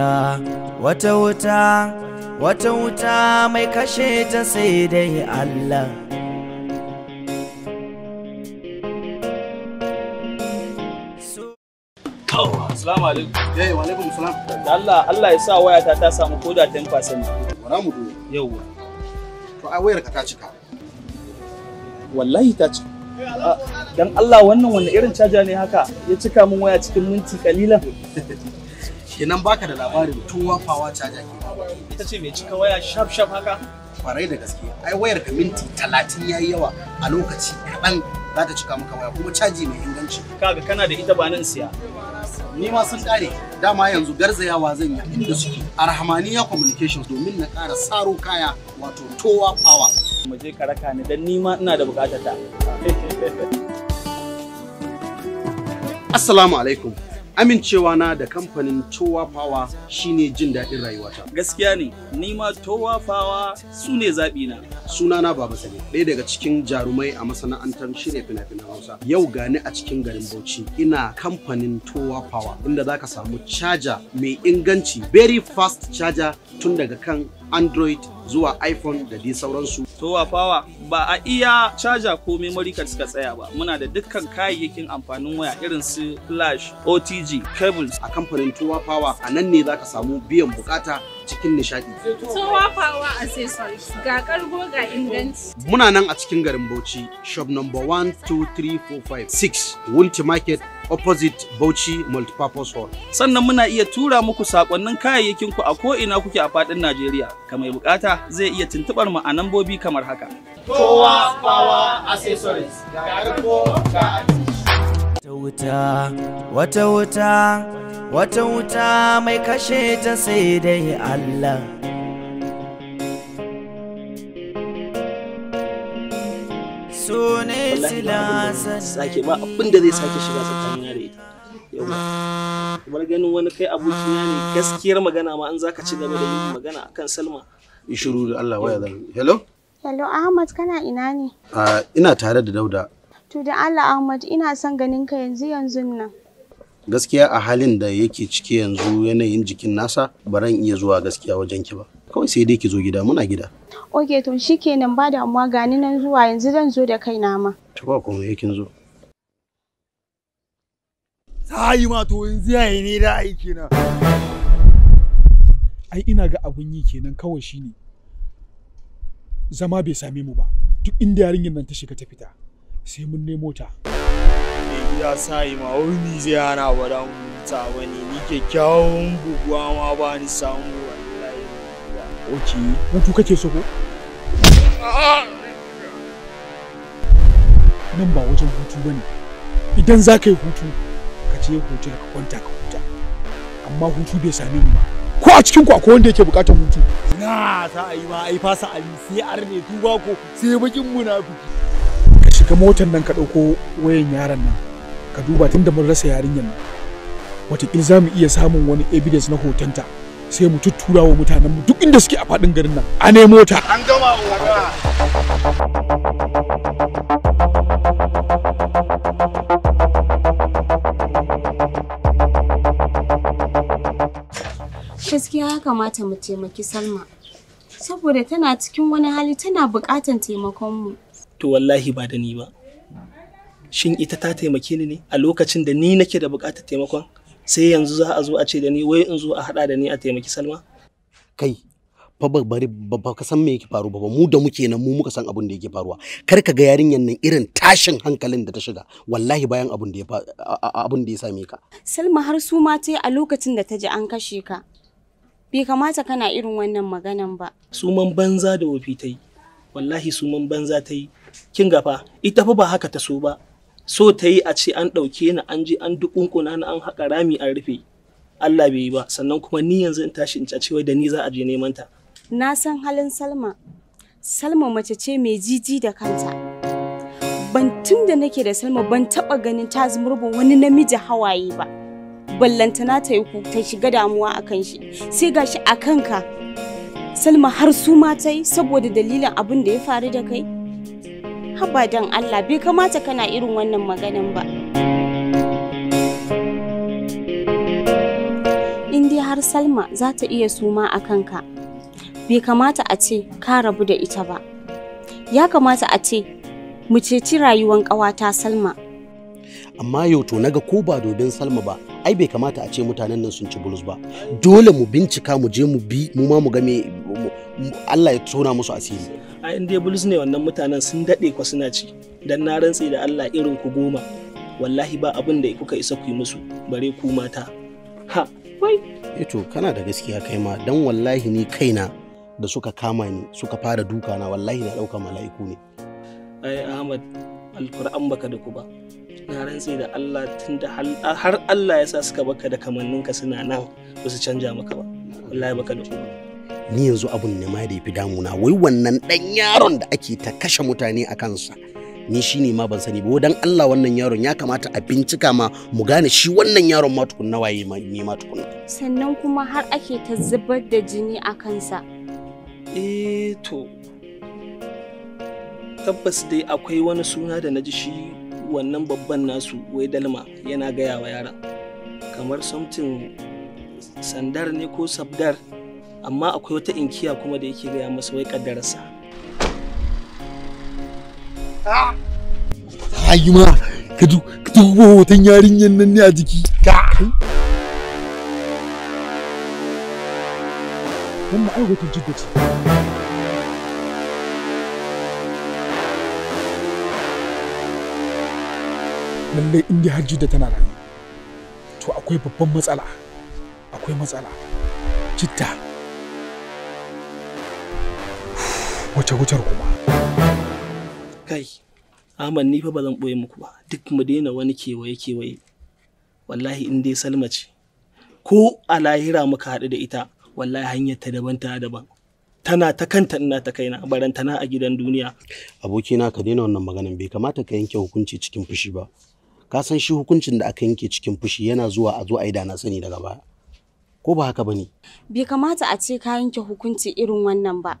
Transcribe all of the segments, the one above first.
wuta wata wuta wata wuta mai kashe ta sai dai Allah Assalamu alaikum. Yai, eh, wa alaikum salam. Allah, Allah ya sa waya ta ta samu koda 10%. Wara mu do. Yawwa. To ai wayar ka ta cika. Wallahi ta cika. Ah, dan Allah wannan wani irin caja ne haka ya cika min waya cikin minti kalilan. kenan baka da labarin tuwa fawa caja ke ita ce mai cika waya shaf shaf haka kwarai da gaske ai wayar ka minti talatin yayi yawa a lokaci kaɗan za ta cika maka waya kuma caji mai inganci kaga kana da ita ba nan siya ni ma sun ƙare dama yanzu garzayawa zan yi inda suke a ya communications domin na ƙara saro kaya wato towa fawa mu je raka ni dan ni ma ina da buƙatar ta assalamu alaikum amincewa na da kamfanin towa power shine jin daɗin rayuwata gaskiya ne ni ma towa power su ne zaɓi na sunana baba sani ɗaya daga cikin jarumai a masana'antar shirya fina-finan hausa yau gani a cikin garin bauchi ina kamfanin towa power inda zaka samu caja mai inganci very fast charger tun daga kan android zuwa iphone da dai sauransu to wa fawa ba a iya caja ko memory card suka tsaya ba muna da dukkan kayayyakin amfanin waya irin su flash otg cables a kamfanin tuwa power a nan ne zaka samu biyan bukata cikin nishadi tuwa power accessories ga kargo ga inganci muna nan a cikin garin bauchi shop number 1 2 3 wunti market opposite Bauchi Multipurpose Hall. Sannan muna iya tura muku sakonnin kayayyakin ku a ko ina kuke a faɗin Najeriya. Ka mai bukata zai iya tuntubar mu a nambobi kamar haka. Kowa Power Accessories ga ga Wata wuta, wata wuta, wata wuta mai kashe ta sai dai Allah. ba sake ba abin da zai sake shiga tsakanina da ita yawa kamar ganin wani kai abokina ne gaskiyar magana ma an zaka ci gaba da yin magana akan Salma shiru da Allah waya zan hello hello Ahmad kana ina ne ina tare da Dauda to da Allah Ahmad ina son ganin ka yanzu yanzu nan gaskiya a halin da yake ciki yanzu yanayin jikin nasa baran iya zuwa gaskiya wajen ki ba kawai sai dai ki zo gida muna gida oke to shi nan ba damuwa gani nan zuwa yanzu zan zo da kaina ma to ba komai kin zo sai ma to yanzu yayi ne da aiki na ai ina ga abun yi kenan kawai shine zama bai same mu ba duk inda yarinyar nan ta shiga ta fita sai mun nemo ta ya sai ma wani zai hana wa dan ni kyakkyawan buguwa ma ba ni samu hutu kake so ko nan ba wajen hutu bane idan za ka yi hutu ka je hotel ka kwanta ka huta amma hutu bai same mu ba ko a cikin ku akwai wanda yake bukatar hutu na za a yi ba ai fasa ali sai arne duba ko sai bakin munafiki ka shiga motar nan ka dauko wayan yaron nan ka duba tunda mun rasa yarinyar nan wataƙil za mu iya samun wani evidence na hotonta sai mu tuttura wa mutanen mu duk inda suke a faɗin garin nan a nemo ta an gama gaskiya ya kamata mu taimaki Salma saboda tana cikin wani hali tana buƙatar taimakon mu to wallahi ba da ni ba shin ita ta taimake ni ne a lokacin da ni nake da buƙatar taimakon sai yanzu za a zo a ce da ni wai in zo a haɗa da ni a taimaki salma kai fa bari ba ka san me yake faru ba mu da muke nan mu muka san abin da yake faruwa kar ka ga yarinyan nan irin tashin hankalin da ta shiga wallahi bayan abin da ya abin da ya same ka Salma har su ma ta a lokacin da ta ji an kashe ka bai kamata kana irin wannan maganan ba suman banza da wofi ta yi wallahi suman banza ta yi kin gafa ita fa ba haka ta so ba so ta yi a ce an ɗauke ni an je an dukunkuna na an haƙa rami an rufe Allah bai yi ba sannan kuma ni yanzu in tashi in ce da ni za a je neman ta na san halin Salma Salma mace ce mai jiji da kanta ban tun da nake da Salma ban taba ganin ta zumurbin wani namiji hawaye ba ballantana ta yi ta shiga damuwa akan shi sai gashi a kanka Salma har su ma ta yi saboda dalilin abin da ya faru da kai haba don Allah bai kamata kana irin wannan maganin ba. In dai har Salma za ta iya suma a kanka, bai kamata a ce ka rabu da ita ba. Ya kamata a ce mu ceci rayuwan ƙawata Salma. Amma yau to naga ko ba domin Salma ba, ai bai kamata a ce mutanen nan sun ci bulus ba. Dole mu bincika mu je mu bi mu ma mu ga me Allah ya tona musu asiri a inda bulus ne wannan mutanen sun daɗe kwa suna ci dan na rantse da Allah irin ku goma wallahi ba abin da kuka isa ku yi musu bare ku mata ha wai eto eh kana da gaskiya kai ma dan wallahi ni kaina da suka kama ni suka fara duka na wallahi na ɗauka mala'iku ne ai Ahmad alkur'an baka da ku ba na rantse da Allah tun har Allah ya sa suka baka da kamanninka suna nan ba su canja maka ba wallahi baka da ku ni yanzu abun ne ma da ya fi damuna wai wannan ɗan yaron da ake ta kashe mutane a kansa ni shi ne ma ban sani ba dan Allah wannan yaron ya kamata a bincika ma mu gane shi wannan yaron ma tukunna waye ma ne ma tukunna sannan kuma har ake ta zubar da jini a kansa eh to tabbas dai akwai wani suna da na ji shi wannan babban nasu wai dalma yana gaya wa yara kamar something sandar ne ko sabdar amma akwai wata inkiya kuma da yake gaya masa wai kaddararsa ayi ma ka duba hoton yarinyan nan ne a jiki Ka! ai hoton jidda ce lallai inda har jidda tana rayu to akwai babban matsala akwai matsala jidda wuce kuma kai aman ni fa ba zan boye muku ba duk mu daina wani kewaye kewaye wallahi in dai salma ce ko a lahira muka haɗu da ita wallahi hanyar ta daban ta daban tana ta kanta ina ta kaina barantana a gidan duniya abokina ka daina wannan maganan bai kamata ka yanke hukunci cikin fushi ba ka san shi hukuncin da aka yanke cikin fushi yana zuwa a zo a yi da na sani daga baya ko ba haka bane bai kamata a ce ka yanke hukunci irin wannan ba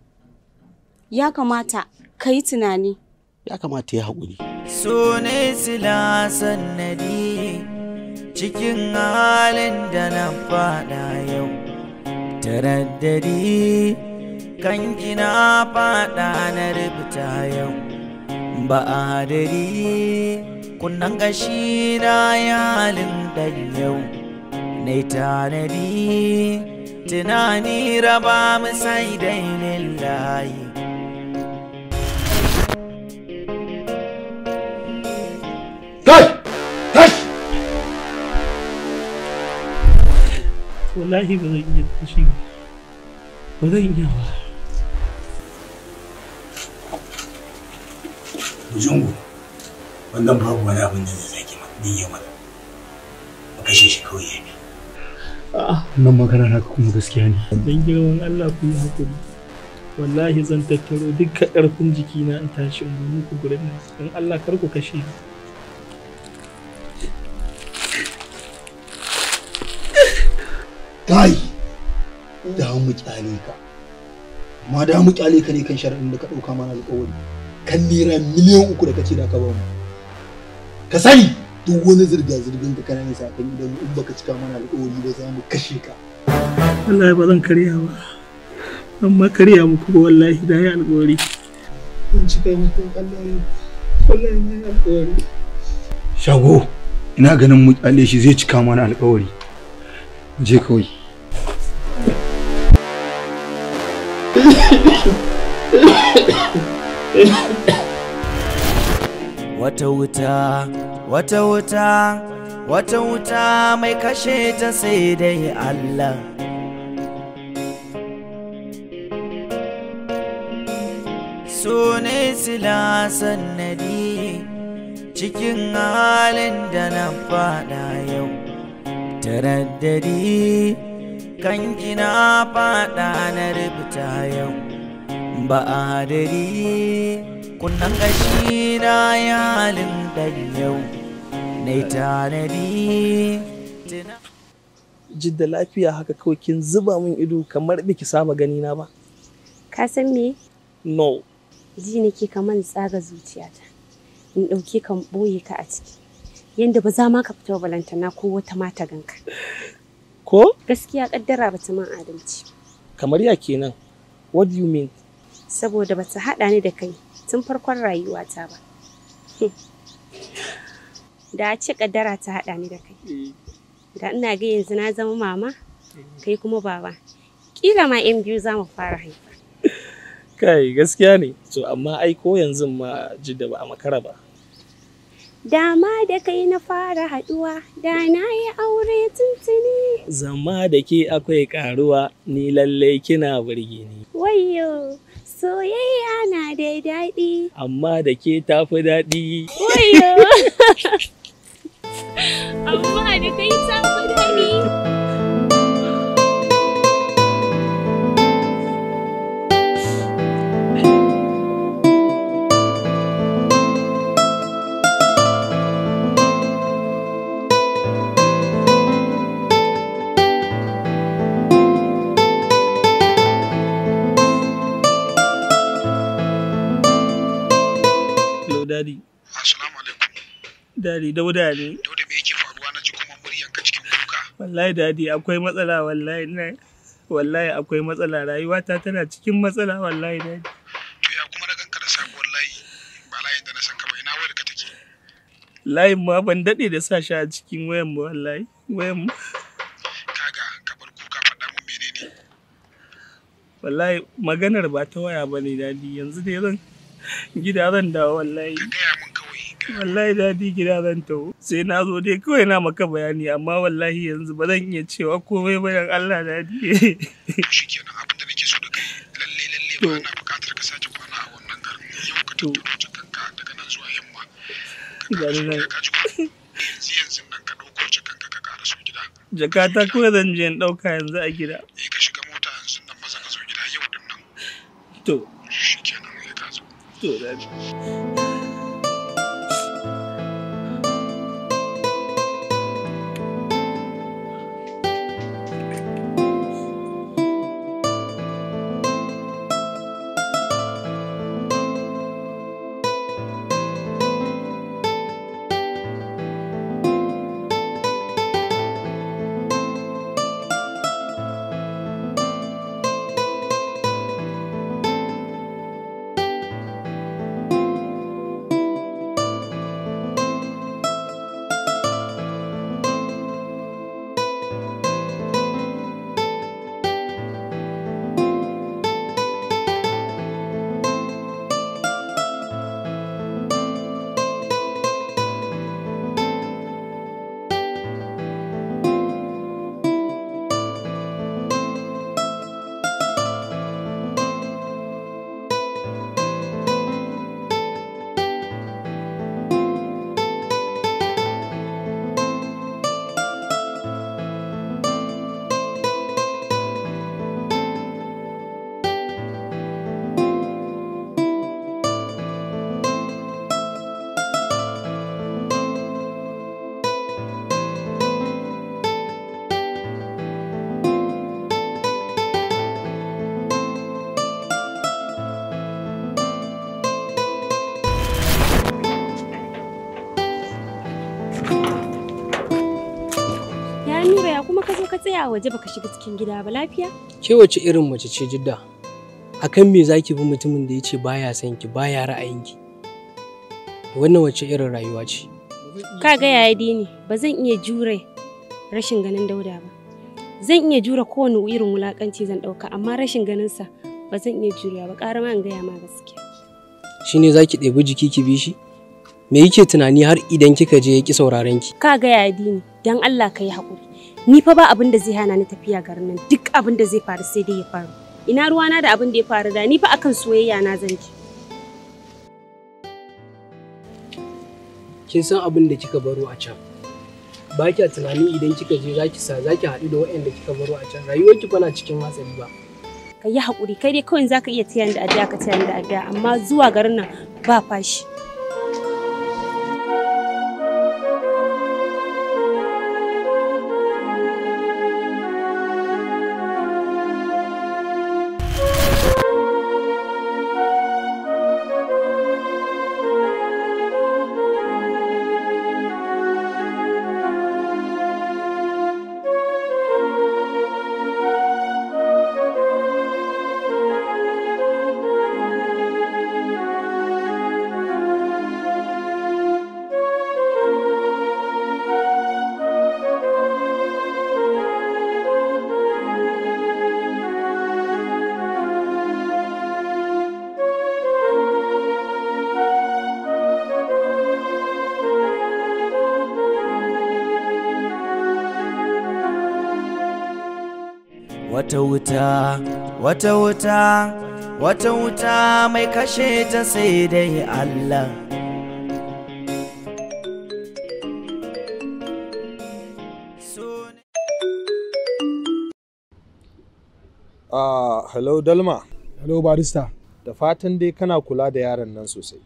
ya kamata ka yi tunani. Ya kamata ya haƙuri. So ne sila sannadi cikin halin da na faɗa yau. Taraddadi kan gina fada na rubuta yau. Ba a dari kunnan gashi na halin dan yau. Na tanadi tunani raba mu sai dainin layi. wallahi ba zan iya tashi ba zan iya ba wannan babu wani abin da zai zaki din yau mana. Ba kashe shi kawai ya bi. Nan magana na kuma gaskiya ne. Dan girman Allah ku yi hakuri. Wallahi zan tattaro dukkan ƙarfin jikina in tashi in ku gurin nan. Dan Allah kar ku kashe ni. mu kyale ka amma da mu kyale ka ne kan sharaɗin da ka ɗauka mana alƙawari kan naira miliyan uku da kace da ka ba mu ka sani duk wani zirga-zirgin da kana nisa kan idan in baka cika mana alƙawari ba za mu kashe ka wallahi ba zan karya ba amma karya muku ba wallahi da ya alƙawari in cika muku wallahi wallahi ne alƙawari shago ina ganin mu kyale shi zai cika mana alƙawari je kawai wata wuta wata wuta wata wuta mai kashe ta sai dai Allah so ne sila sannadi cikin halin da na fada yau taraddadi kan gina fada na ta yau ba a hadari kunnan gashi na yalin dan yau na tanadi da lafiya haka kawai kin zuba min ido kamar biki saba gani na ba ka san me no ji nake kamar tsaga zuciyata in ɗauke kan ɓoye ka a ciki yanda ba za ma ka fita balantana ko wata mata ganka ko gaskiya kaddara ba ta man adalci Kamar ya kenan. What do you mean? Saboda ba ta haɗa ni da kai tun farkon rayuwata ba. Da a ce ƙaddara ta haɗa ni da kai. Eh. Da ina ga yanzu na zama mama, eh. kai kuma baba. Kila ma 'yan biyu za mu fara haifa. Kai gaskiya ne. To amma aiko yanzu ma jidda ba a makara ba. Dama da kai na fara haɗuwa, da na yi aure tuntuni. Zama da ke akwai ƙaruwa, ni lallai kina birgi ni. Wayyo, soyayya na da daɗi. Amma da ke tafi daɗi. Wayyo, amma da kai tafi daɗi. misali dauda ne dauda me yake faruwa na ji kuma yanka cikin kuka wallahi dadi akwai matsala wallahi na wallahi akwai matsala rayuwata tana cikin matsala wallahi ne. to ya kuma na ganka da sabuwar layi ba layin da na san ka ba ina wayar ka take layin ma ban dade da sa shi a cikin wayan mu wallahi wayan mu kaga ka bar kuka faɗa mun menene wallahi maganar ba ta waya bane dadi yanzu dai zan gida zan dawo wallahi ka gaya wallahi daɗi gida zan taho sai na zo dai kawai na maka bayani amma wallahi yanzu ba zan iya cewa komai ba yan Allah daɗi shi kenan abinda nake so da kai lalle lalle ba na bukatar ka sake kwana a wannan garin yau ka tattaro jakanka daga nan zuwa yamma ka nan yanzu yanzu nan ka ɗauko jakanka ka ƙara so gida jakata kawai zan je in ɗauka yanzu a gida eh ka shiga mota yanzu nan maza ka zo gida yau din nan to shi kenan ya ka zo to daɗi ya kuma ka zo ka tsaya waje baka shiga cikin gida ba lafiya? Ke wace irin mace ce jidda? Akan me zaki bi mutumin da ya ce baya son ki baya ra'ayinki? Wannan wace irin rayuwa ce? Ka ga yaya dini ba zan iya jure rashin ganin dauda ba. Zan iya jure kowane irin wulakanci zan ɗauka amma rashin ganin sa ba zan iya jure ba ƙara ma in gaya ma gaskiya. Shi ne za ki ɗebi jiki ki bi shi? Me yake tunani har idan kika je ya ki sauraren ki? Ka ga yaya dini don Allah ka yi haƙuri. ni fa ba abin da zai hana ni tafiya garin nan duk abin da zai faru sai dai ya faru ina ruwa na da abin da ya faru da ni fa akan soyayya na zan ji kin san abin da kika baro a can ba kya tunani idan kika je za ki sa za ki haɗu da waɗanda kika baro a can rayuwar ki na cikin hatsari ba ka yi haƙuri kai dai kawai za ka iya tayan da addu'a ka tayan da addu'a amma zuwa garin nan ba fashi wata wuta wata wuta wata wuta mai kashe ta sai dai Allah Ah, hello Dalma. Hello Barista. Da fatan dai kana kula da yaron nan sosai.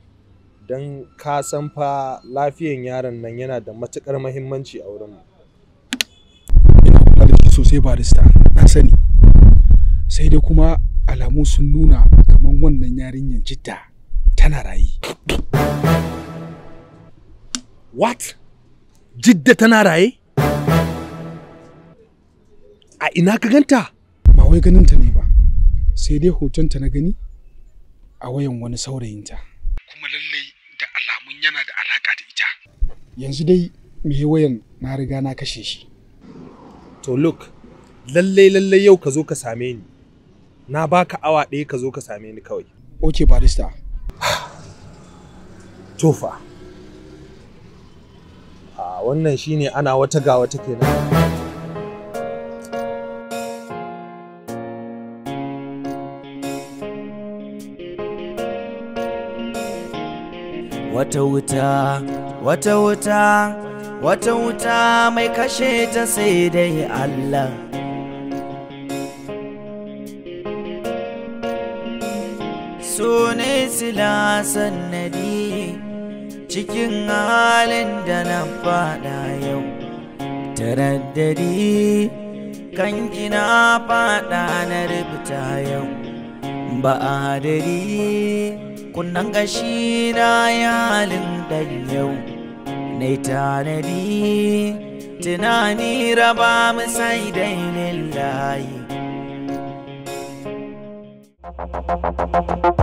Don ka san fa lafiyan yaron nan yana da matukar mahimmanci a wurinmu. Ina kula da shi sosai Barista, na sani. sai dai kuma alamu sun nuna kamar wannan yarinyar Jidda tana raye what jidda tana raye a ina ka ganta ba wai ganinta ne ba sai dai hotonta na gani a wayan wani saurayinta kuma lallai da alamun yana da alaka da ita yanzu dai me wayan na riga na kashe shi to look lallai lallai yau ka zo ka same ni na baka awa ɗaya ka zo ka same ni kawai ok barista tofa a wannan shine ana wata ga wata kenan wata wuta wata wuta wata wuta mai kashe ta sai dai Allah la sannadi cikin halin da na fada yau taraddadi kan kina fada na rubuta yau ba adari kunnan gashi na yalin dan yau na tanadi tunani raba mu sai layi Thank you.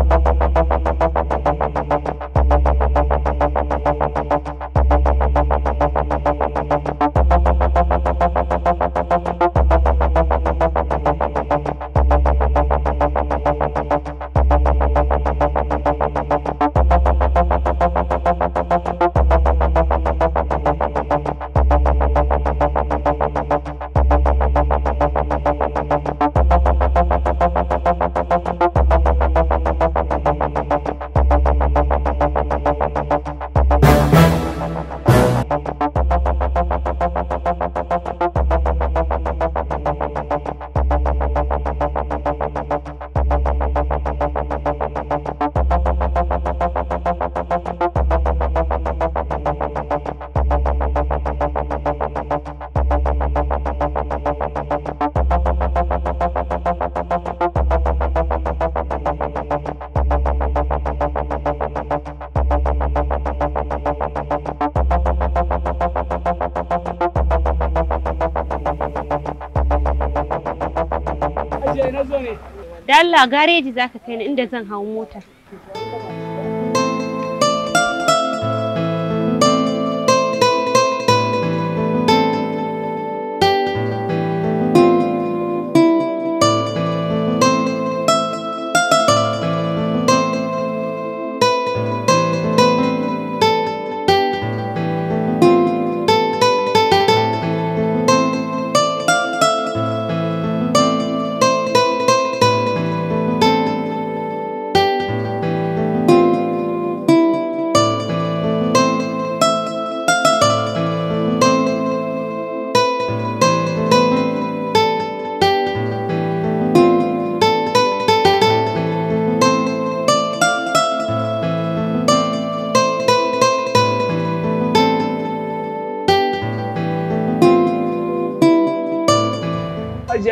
Da Allah gareji zaka kai ni inda zan hau mota.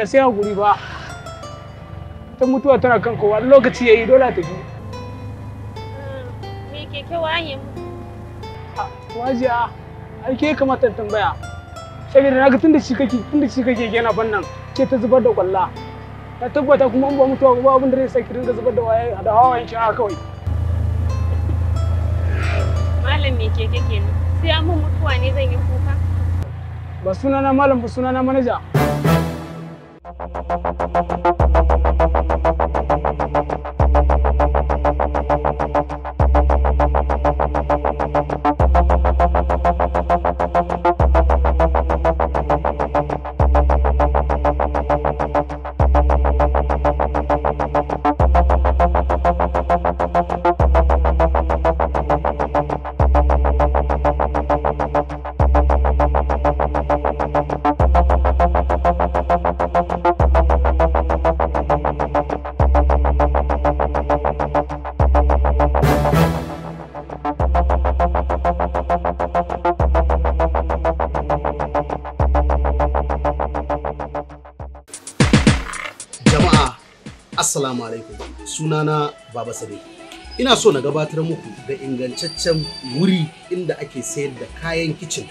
sai hakuri ba ta mutuwa tana kan kowa lokaci yayi dole ta bi me keke waye mu wajiya ai ke kamata tambaya saboda naga tunda shi kake tunda shi kake yana bannan ke ta zubar da kwalla ta tabbata kuma an ba mutuwa ba abin da zai saki dinga zubar da waye da hawayen shi haka kawai malam me keke kenan. sai an mutuwa ne zan yi kuka ba sunana malam ba sunana manaja Thank you. Assalamu alaikum sunana Baba Sabe. Ina so na gabatar muku da ingantaccen wuri inda ake sayar da kayan kicin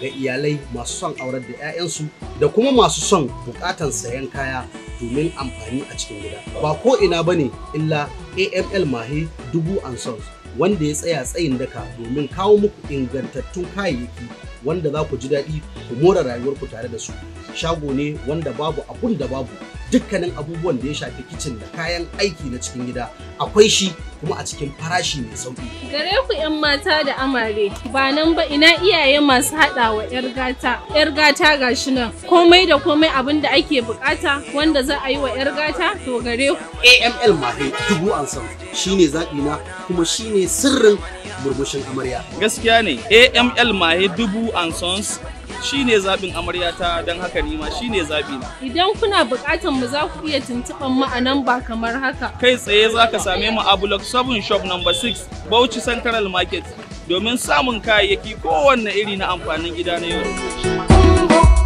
ga iyalai masu son aurar da 'ya'yansu da kuma masu son bukatan sayan kaya domin amfani a cikin gida. Ba ko ina bane illa AML Mahe Dubu and Sons wanda ya tsaya tsayin daka domin kawo muku ingantattun kayayyaki wanda za ku ji daɗi ku more rayuwarku tare da su. Shago ne wanda babu abun da babu dukkanin abubuwan da ya shafi kicin da kayan aiki na cikin gida akwai shi kuma a cikin farashi mai sauƙi. Gare ku 'yan mata da amare ba nan ba ina iyaye masu haɗawa 'yar gata 'yar gata ga shi nan komai da komai abin da ake bukata wanda za a yi wa 'yar gata to gare ku. AML mahi dubu ansan shine ne na kuma shine sirrin murmushin amarya. Gaskiya ne AML mahi dubu ansons shine zaɓin amaryata don haka nima shine zaɓi na. Idan kuna buƙatar mu za ku iya tuntuɓar mu a nan ba kamar haka. Kai tsaye za ka same mu a Block 7 Shop number 6 Bauchi Central Market domin samun kayayyaki kowanne iri na amfanin gida na yau da gobe.